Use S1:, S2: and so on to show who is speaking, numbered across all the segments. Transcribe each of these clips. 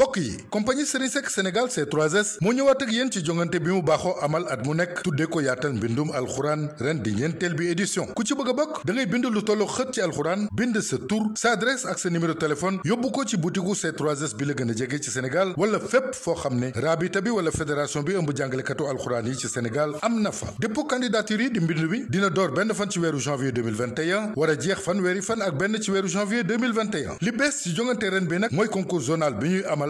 S1: mbokk yi compagnie Serigne Seck Sénégal c 3 moo ñëwaat ak yéen ci jongante bi mu baaxoo amal at mu nekk tuddee ko yaatal mbindum alxuraan ren di ñeenteel bi édition ku ci bëgg a bokk da bind lu tollu xët ci alxuraan bind sa tur sa adresse ak sa numéro téléphone yóbbu ko ci butiku c 3 bi la gën a jege ci Sénégal wala fépp foo xam ne raabita bi wala fédération bi ëmb jàngalekatu alxuraan yi ci Sénégal am na fa dépôt candidature yi di mbind dina door benn fan ci weeru janvier 2021 war a jeex fanweeri fan ak benn ci weeru janvier 2021 li bees ci jongante ren bi nag bi ñuy amal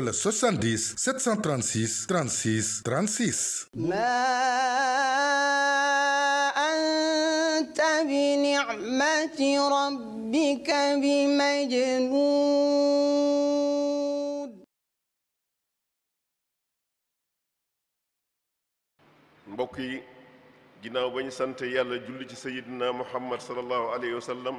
S1: wala 70 736 36 36.
S2: anta bi ni'mati rabbika bi majnuun. mbokk yi ginnaaw ba ñu sant yàlla julli ci sayyidina muhammad sallallahu alayhi wa sallam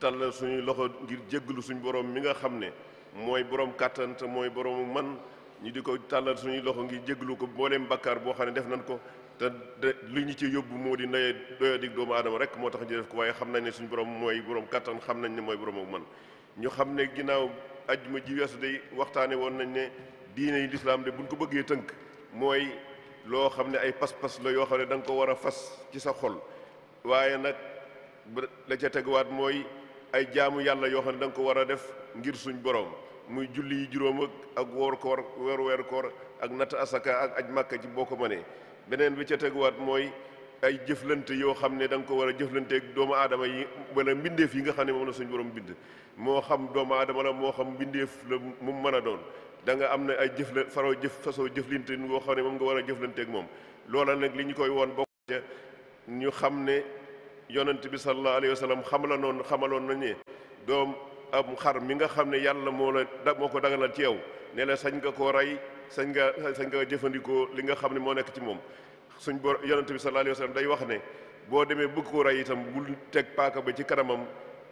S2: tàllal suñuy loxo ngir jéggalu suñu borom mi nga xam ne. mooy borom kàttan te mooy boroomu man ñu di ko tàllal suñuy loxo ngi jéglu ko mbooleem bakkaar boo xam ne def nañ ko te de li ñu ci yóbbu moo di naye doya dig doomu aadama rek moo tax ñu ko waaye xam nañ ne suñu borom mooy borom kàttan xam nañ ne mooy borom ak man ñu xam ne ginnaaw ajjuma ji weesu day waxtaane woon nañ ne diine lislaam de buñ ko bëggee tënk mooy loo xam ne ay pas-pas la yoo xam ne da nga ko war a fas ci sa xol waaye nag la ca teguwaat mooy ay jaamu yàlla yoo xam ne da ko war a def ngir suñ borom muy julli yi juróom ak woor koor weeru weer koor ak natt asaka ak aj màkka ci boo ko mënee beneen bi ca teguwaat mooy ay jëflante yoo xam ne da nga ko war a jëflanteeg doomu aadama yi wala mbindeef yi nga xam ne moom la suñ borom bind moo xam doomu aadama la moo xam mbindeef la mu mën a doon da nga am na ay jëfla faroo jëf fasoo jëflante boo xam ne moom nga war a jëflanteeg moom loola nag li ñu koy woon bokk ca ñu xam ne yonent bi sallallahu alayhi wa xam la noonu xamaloon nañu ne doom am xar mi nga xam ne yàlla moo la da moo ko daganal ci yow ne la sañ nga koo rey sañ nga sañ nga jëfandikoo li nga xam ne moo nekk ci moom suñ bor yonent bi sa alayhi day wax ne boo demee bëgg ko rey itam bul teg paaka ba ci kanamam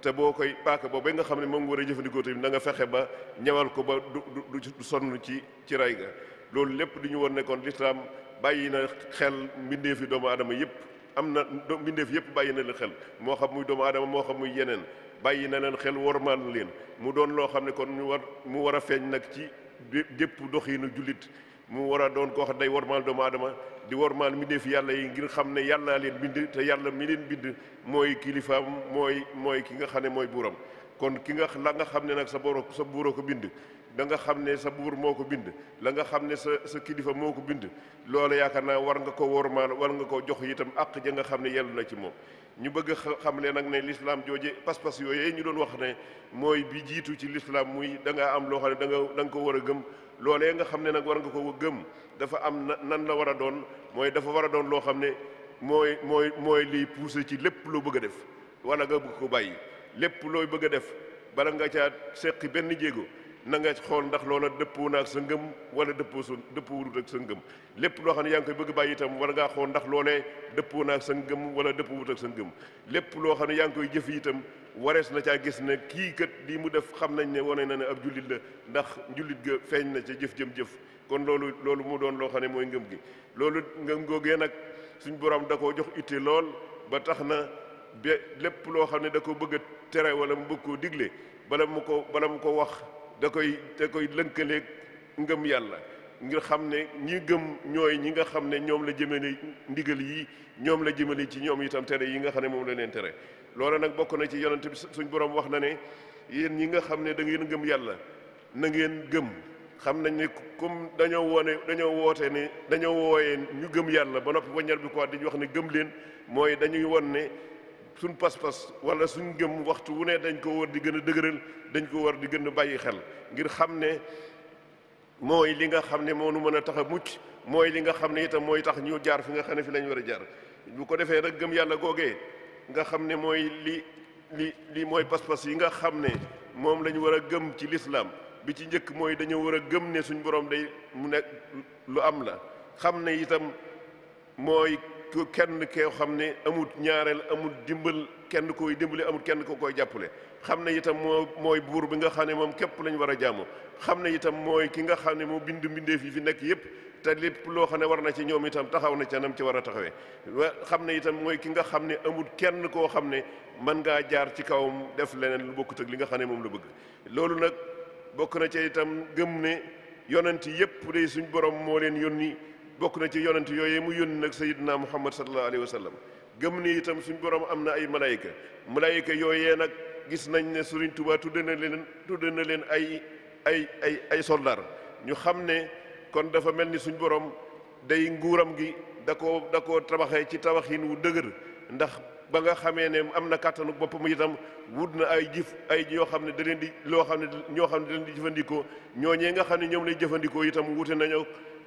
S2: te boo koy paaka boobu nga xam ne moom nga war a jëfandikoo tamit na nga fexe ba ñawal ko ba du du sonn ci ci rey ga loolu lépp du ñu woon nekkoon lislaam bàyyi na xel mbindeef yi doomu aadama yëpp am na mbindeef yëpp bàyyi na la xel moo xam muy doomu aadama moo xam muy yeneen bàyyi na leen xel wormaal leen mu doon loo xam ne kon mu war mu war a feeñ nag ci dépp doxiinu jullit mu war a doon koo day wormaal doomu aadama di wormaal fi yàlla yi ngir xam ne yàllaa leen bind te yàlla mi leen bind mooy kilifaam mooy mooy ki nga xam ne mooy buuram kon ki nga la nga xam ne nag sa boor sa buur ko bind da xam ne sa buur moo ko bind la nga xam ne sa sa kilifa moo ko bind loolu yaakaar naa war nga ko wormaal war nga ko jox itam àq ja nga xam ne yellu na ci moom ñu bëgg xam le nag ne lislaam jooje pas-pas yooyee ñu doon wax ne mooy bi jiitu ci lislaam muy da ngaa am loo xam ne danga nga ko war a gëm loolee nga xam ne nag war nga ko gëm dafa am nan la war a doon mooy dafa war a doon loo xam ne mooy mooy mooy liy poussé ci lépp loo bëgg a def wala nga bëgg ko bàyyi lépp looy bëgg a def bala nga caa seqi benn jéego na nga xool ndax loola dëppoo na ak sa ngëm wala dëppoo sa dëppoo wut ak sa ngëm lépp loo xam ne yaa ngi koy bëgg bàyyi itam war ngaa xool ndax loolee dëppoo na ak sa ngëm wala dëppoo wut ak sa ngëm lépp loo xam ne yaa ngi koy jëf itam warees na caa gis ne kii kat lii mu def xam nañ ne wane na ne ab jullit la ndax njullit ga feeñ na ca jëf-jëm jëf kon loolu loolu mu doon loo xam ne mooy ngëm gi loolu ngëm googee nag suñ borom da koo jox itte lool ba tax na ba lépp loo xam ne da ko bëgg a tere wala mu bëgg koo digle bala mu ko bala mu ko wax da koy da koy lënkaleeg ngëm yàlla ngir xam ne ñi gëm ñooy ñi nga xam ne ñoom la jëmale ndigal yi ñoom la jëmale ci ñoom itam tere yi nga xam ne moom la leen tere loola nag bokk na ci yonent bi suñ borom wax na ne yéen ñi nga xam ne da ngeen gëm yàlla na ngeen gëm xam nañ ne comme dañoo woone dañoo woote ne dañoo wooyee ñu gëm yàlla ba noppi waññar bi quoi wax ne gëm leen mooy dañuy won ne suñ pas-pas wala suñ ngëm waxtu wu ne dañ ko war di gën a dëgëral dañ ko war di gën a bàyyi xel ngir xam ne mooy li nga xam ne moo nu mën a tax a mucc mooy li nga xam ne itam mooy tax ñu jaar fi nga xam ne fi lañ war a jaar bu ko defee rek gëm yàlla googee nga xam ne mooy li li li mooy pas-pas yi nga xam ne moom la ñu war a gëm ci lislaam bi ci njëkk mooy dañoo war a gëm ne suñ borom day mu nekk lu am la xam ne itam mooy kenn koo xam ne amut ñaareel amut dimbal kenn koy dimbali amut kenn ko koy jàppale xam ne itam moo mooy buur bi nga xam ne moom képp lañu war a jàmmoo xam ne itam mooy ki nga xam ne moo bind mbindeef yi nekk yépp te lépp loo xam ne war na ci ñoom itam taxaw na ca ci war a taxawee xam ne itam mooy ki nga xam ne amul kenn koo xam ne mën ngaa jaar ci kawam def leneen lu bokk ak li nga xam ne moom la bëgg loolu nag bokk na ca itam gëm ne yonent yépp day suñ borom moo leen yónni bokk na ci yonent yooyu mu yónni nag sayidina muhammad sallallahu alayhi wa sallam gëm ni itam suñ borom am na ay malayka malayka yooyee nag gis nañ ne su Sëriñ Tuubaa tudde na leen tudde na leen ay ay ay ay soldaar ñu xam ne kon dafa mel ni suñ borom day nguuram gi da ko da koo tabaxee ci tabaxin wu dëgër ndax ba nga xamee ne am na kàttanu boppam itam wut na ay jif ay yoo xam ne da leen di loo xam ne ñoo xam ne da leen di jëfandikoo ñooñee nga xam ne ñoom lay jëfandikoo itam wute nañu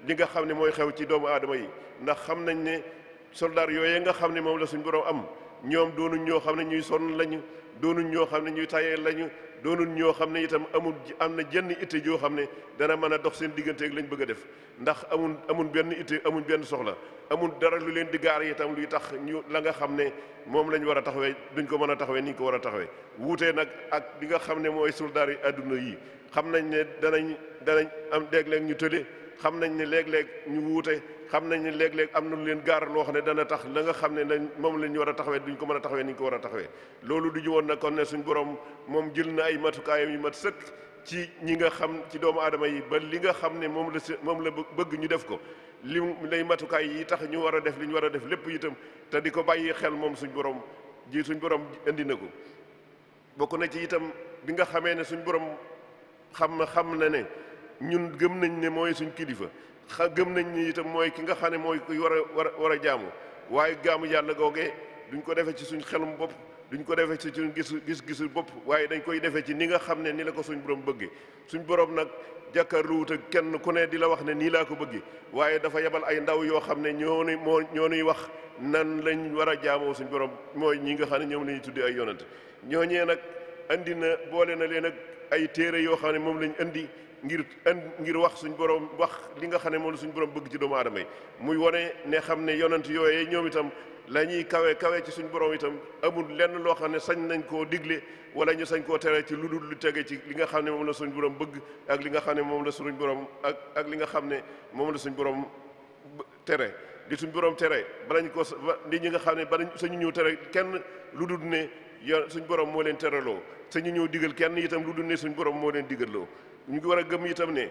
S2: li nga xam ne mooy xew ci doomu aadama yi ndax xam nañ ne soldaar yooyee nga xam ne moom la suñ borom am ñoom doonuñ ñoo xam ne ñuy sonn lañu doonuñ ñoo xam ne ñuy tayeel lañu doonuñ ñoo xam ne itam amul am na jenn itte joo xam ne dana mën a dox seen lañ bëgg a def ndax amul amul benn itte amul benn soxla amul dara lu leen di gaar itam luy tax ñu la nga xam ne moom lañ war a taxawee duñ ko mën a taxawee ni ñu ko war a taxawee wuutee nag ak li nga xam ne mooy soldaar yi àdduna yi xam nañ ne danañ danañ am dégg ñu tële xam nañ ne léeg-léeg ñu wuute xam nañ ne léeg-léeg am na lu leen gaar loo ne dana tax la nga xam ne lañ moom la ñu war a taxawee duñ ko mën a taxawee ni ñu war a loolu du ju woon na kon ne suñ borom moom jël na ay matukaayam yu mat sëkk ci ñi nga xam ci doomu aadama yi ba li nga xam ne moom la moom la bëgg ñu def ko li lay matukaay yi tax ñu war a def li ñu war a def lépp itam te di ko bàyyi xel moom suñ borom ji suñ borom indi na ko bokk na ci itam bi nga xamee ne suñ borom xam xam na ne ñun gëm nañ ne mooy suñ kilifa xa gëm nañ ne itam mooy ki nga xam ne mooy kuy war a war a war a jaamu waaye gaamu yàlla googee duñ ko defee ci suñ xelum bopp duñ ko defee ci suñ gis gis-gisu bopp waaye dañ koy defee ci ni nga xam ne ni la ko suñ borom bëggee suñ borom nag lu ak kenn ku ne di la wax ne nii laa ko bëggee waaye dafa yebal ay ndaw yoo xam ne ñoo nuy moo ñoo nuy wax nan lañu war a jaamoo suñ borom mooy ñi nga xam ne ñoom la tuddee ay yonent ñooñee nag andi na boole na leen ak ay téere yoo xam ne moom lañ andi ngir ngir wax suñ borom wax li nga xam ne moom la suñ borom bëgg ci doomu aadama muy wane ne xam ne yonent yooyee ñoom itam la ñuy kawe kawe ci suñ borom itam amul lenn loo xam ne sañ nañ koo digle wala ñu sañ koo tere ci lu dul lu ci li nga xam ne moom la suñ borom bëgg ak li nga xam ne moom la suñ borom ak ak li nga xam ne moom la suñ borom tere li suñ borom tere balañ ko li ñi nga xam ne balañ sañu ñëw tere kenn lu dul ne yo suñ borom moo leen tereloo sañu ñëw digal kenn itam lu dul ne suñ borom moo leen digaloo ñu ngi war a gëm itam ne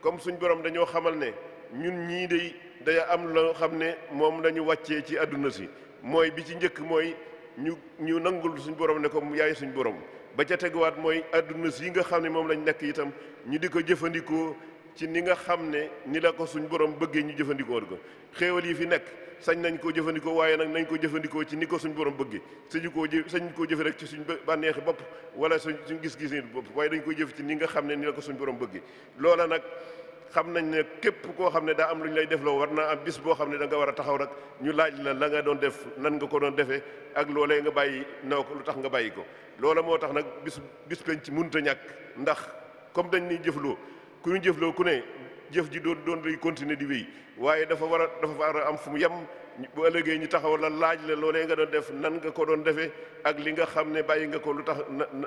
S2: comme suñu borom dañoo xamal ne ñun ñii day day am loo xam ne moom la ñu wàccee ci àdduna si mooy bi ci njëkk mooy ñu ñu nangul suñu borom ne ko yaay suñu borom ba ca teguwaat mooy àdduna si yi nga xam ne moom lañ nekk itam ñu di ko jëfandikoo ci ni nga xam ne ni la ko suñ borom bëggee ñu jëfandikoo ko xéewal yi fi nekk sañ nañ koo jëfandikoo waaye nag nañ ko jëfandikoo ci ni ko suñ borom bëggee sañu koo jë sañ koo jëfe rek ci suñ bànneexi bopp wala suñ suñ gis-gis nit waaye dañ koy jëf ci ni nga xam ne ni la ko suñ borom bëggee loola nag xam nañ ne képp koo xam ne daa am lu ñu lay defloo war naa am bis boo xam ne danga war a taxaw rek ñu laaj la la nga doon def nan nga ko doon defee ak loolee nga bàyyi naw ko lu tax nga bàyyi ko loola moo tax nag bis bis penc ci a ñàkk ndax comme dañ ni jëfloo ku ñu jëfloo ku ne jëf ji doon doon lay continuer di wéy waaye dafa war a dafa war a am fu mu yem bu ëllëgee ñu taxaw la laaj la loolee nga doon def nan nga ko doon defee ak li nga xam ne bàyyi nga ko lu tax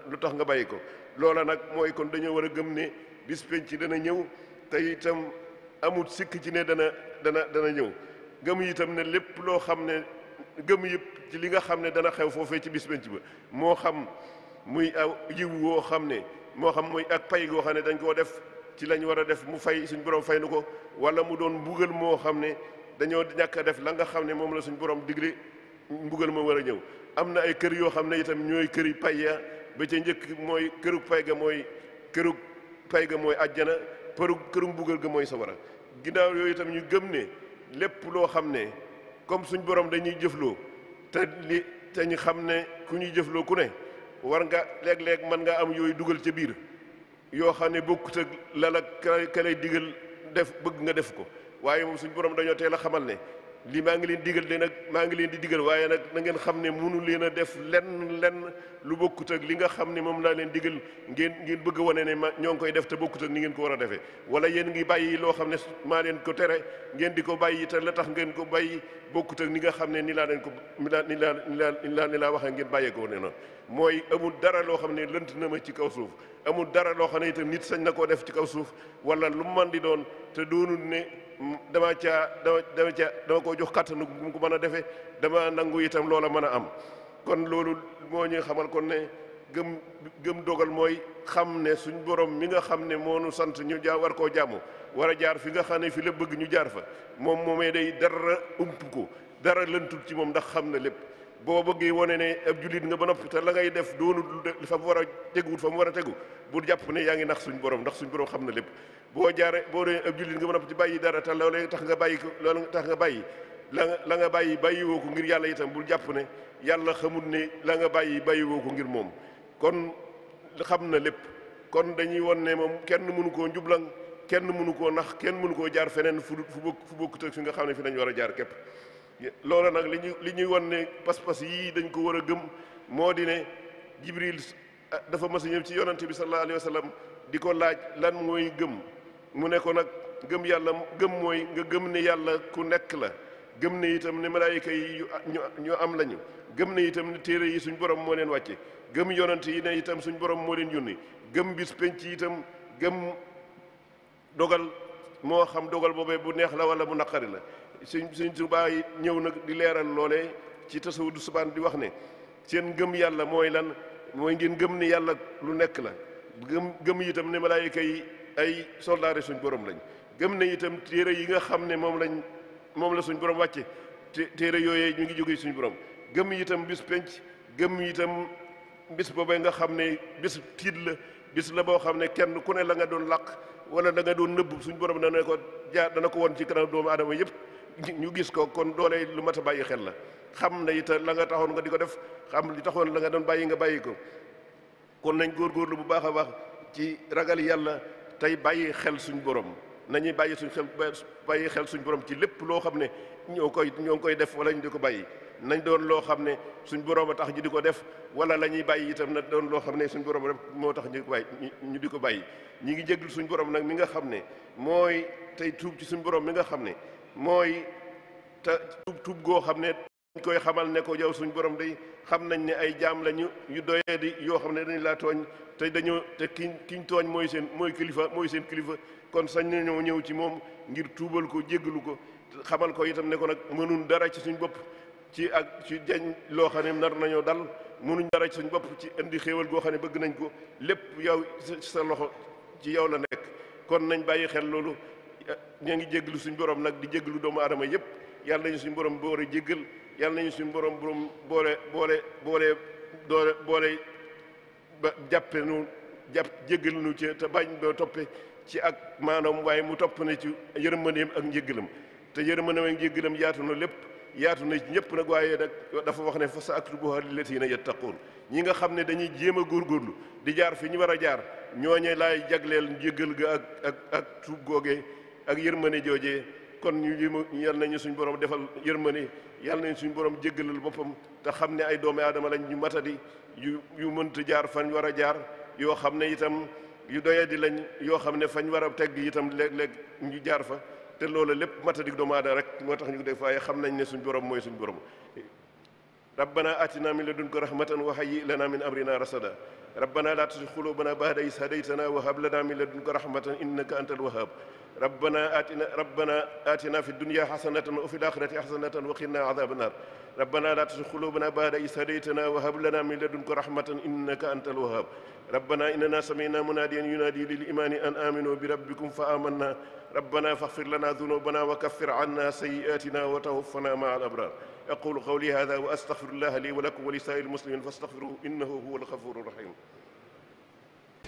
S2: lu tax nga bàyyi ko loola nag mooy kon dañoo war a gëm ne bis penc dana ñëw te itam amut sikk ci ne dana dana dana ñëw gëm itam ne lépp loo xam ne gëm yëpp ci li nga xam ne dana xew foofee ci bis penc ba moo xam muy aw yiw woo xam ne moo xam muy ak pay goo xam ne dañ koo def ci lañ war a def mu fay suñ borom fay nu ko wala mu doon mbugal moo xam ne dañoo ñàkk a def la nga xam ne moom la suñ borom digle mbugal moo war a ñëw am na ay kër yoo xam ne itam ñooy këri payya ba ca njëkk mooy këru pay ga mooy këru pay ga mooy ajjana përu këru mbugal ga mooy sawara ginnaaw yooyu itam ñu gëm ne lépp loo xam ne comme suñ borom dañuy jëfloo te li te ñu xam ne ku ñuy jëfloo ku ne war nga léeg-léeg mën nga am yooyu dugal ca biir yoo xam ne bokkut sa la la ka lay digal def bëgg nga def ko waaye moom suñ borom dañoo teel la xamal ne lii maa ngi leen digal de nag maa ngi leen di digal waaye nag na ngeen xam ne munu leen a def lenn lenn lu bokkut ak li nga xam ne moom laa leen digal ngeen bëgg a wane ne ma ñoo ngi koy def te bokkut ak ni ngeen ko war a defee wala yéen ngi bàyyi loo xam ne maa leen ko tere ngeen di ko bàyyi la tax ngeen ko bàyyi bokkut ak ni nga xam ne ni laa leen ko ni laa ni laa ni laa ni laa ni laa waxee ngeen bàyyee ko ne na mooy amul dara loo xam ne lënt na ma ci kaw suuf amul dara loo xam ne itam nit sañ na koo def ci kaw suuf wala lu man di doon te doonul ne dama caa dama dama caa dama ko jox kattanu gu mu ko mën a defee dama nangu itam loola mën a am kon loolu moo ñuy xamal kon ne gëm gëm dogal mooy xam ne suñ borom mi nga xam ne moo nu sant ñu jaa war koo jaamu war a jaar fi nga xam ne fi la bëgg ñu jaar fa moom moomee day dara ump ko dara lëntul ci moom ndax xam na lépp boo bëggee wane ne ab jullit nga ba noppi te la ngay def doonul fa mu war a teguwul fa mu war a tegu bu jàpp ne yaa ngi nax suñ borom ndax suñ borom xam na lépp boo jaar boo dee ab jullit nga ba noppi ci bàyyi dara te loolee tax nga bàyyi ko loolu tax nga bàyyi la la nga bàyyi bàyyiwoo ko ngir yàlla itam bul jàpp ne yàlla xamul ne la nga bàyyi bàyyiwoo ko ngir moom kon xam na lépp kon dañuy won ne moom kenn mënu koo njublan kenn munu koo nax kenn mënu koo jaar feneen fu fu bokk fu bokkut ak fi nga xam ne fi lañu war a jaar képp loolu nag li ñu li ñuy wan ne pas-pas yii dañ ko war a gëm moo di ne jibril ah, dafa mas ñëw ci yonante bi sallallahu alayhi wa sallam di ko laaj lan mooy gëm mu ne ko nag gëm yàlla gëm mooy nga gëm ne yàlla ku nekk la gëm ne yitam ne malaayika yi ah, ñu am lañu gëm ne yitam ne téere yi suñ borom moo leen wàcce gëm yonante yi ne itam suñ borom moo leen yónni gëm bis penc itam gëm dogal moo xam dogal boobee bu neex la wala bu naqari la suñ sëñ su yi ñëw nag di leeral loolee ci tasawudu subaan di wax ne seen gëm yàlla mooy lan mooy ngeen gëm ni yàlla lu nekk la gëm gëm itam ne malaayika yi ay soldaare suñ borom lañ gëm ne itam téere yi nga xam ne moom lañ moom la suñ borom wàcce téere yooyee ñu ngi jógee suñ borom gëm itam bis penc gëm itam bis boobee nga xam ne bis tiit la bis la boo xam ne kenn ku ne la nga doon làq wala la doon nëbb suñ borom dana ko jaar dana ko won ci kanam doomu aadama yëpp ñu gis ko kon loolee lu mat a bàyyi xel la xam na it la nga taxoon nga di ko def xam li taxoon la nga doon bàyyi nga bàyyi ko kon nañ góorgóorlu bu baax a baax ci ragal yàlla tey bàyyi xel suñu borom nañuy bàyyi suñ xel bàyyi xel suñu borom ci lépp loo xam ne ñoo koy ñoo ngi koy def wala ñu di ko bàyyi nañ doon loo xam ne suñ borom a tax ñu di ko def wala la ñuy bàyyi itam na doon loo xam ne suñ borom rek moo tax ñu bàyyi ñu di ko bàyyi ñu ngi jéglu suñu borom nag mi nga xam ne mooy tey tuub ci suñu borom mi nga xam ne mooy te tub tub goo xam ne dañ koy xamal ne ko yow suñu borom day xam nañ ne ay jaam lañu yu doyee di yoo xam ne dañ laa tooñ tey dañoo te kiñ kiñ tooñ mooy seen mooy kilifa mooy seen kilifa kon sañ nañoo ñëw ci moom ngir tuubal ko jéggalu ko xamal ko itam ne ko nag mënuñ dara ci suñu bopp ci ak ci jañ loo xam ne nar nañoo dal mënuñ dara ci suñ bopp ci indi xéewal goo xam ne bëgg nañ ko lépp yow sa loxo ci yow la nekk kon nañ bàyyi xel loolu ñoo ngi jéggalu suñu borom nag di jéggalu doomu aadama yëpp yàlla nañu suñu borom boole jéggal yàlla nañu suñu borom borom boole boole boole doole boole ba jàppe nu jàpp jéggal nu ci te bañ ba toppe ci ak maanaam waaye mu topp na ci yërmandeem ak njéggalam te yërmandeem ak njéggalam yaatu na lépp yaatu na ci ñëpp nag waaye nag dafa wax ne fa sa na lillaziina yattaquun ñi nga xam ne dañuy jéema a góorgóorlu di jaar fi ñu war a jaar ñooñe laay jagleel njéggal ga ak ak googee ak yërmande jooje kon ñu yal nañu suñu borom defal yërmande yal nañu suñu borom jéggalal boppam te xam ne ay doomi aadama lañ ñu matadi yu yu mënta jaar fañ war a jaar yoo xam ne itam yu doyadi lañ yoo xam ne fañ war a tegg itam léeg-léeg ñu jaar fa te loolu lépp matadi doomu aadama rek moo tax ñu def waaye xam nañ ne suñu borom mooy suñu borom rabbana atina min ladunka rahmatan wa hayyi lana min amrina rasada rabbana la tuzigh qulubana ba'da idh hadaytana wa hab lana min ladunka rahmatan innaka antal wahhab ربنا آتنا ربنا آتنا في الدنيا حسنة وفي الآخرة حسنة وقنا عذاب النار ربنا لا تزغ قلوبنا بعد إذ هديتنا وهب لنا من لدنك رحمة إنك أنت الوهاب ربنا إننا سمعنا مناديا ينادي للإيمان أن آمنوا بربكم فآمنا ربنا فاغفر لنا ذنوبنا وكفر عنا سيئاتنا وتوفنا مع الأبرار أقول قولي هذا وأستغفر الله لي ولكم ولسائر المسلمين فاستغفروه إنه هو الغفور الرحيم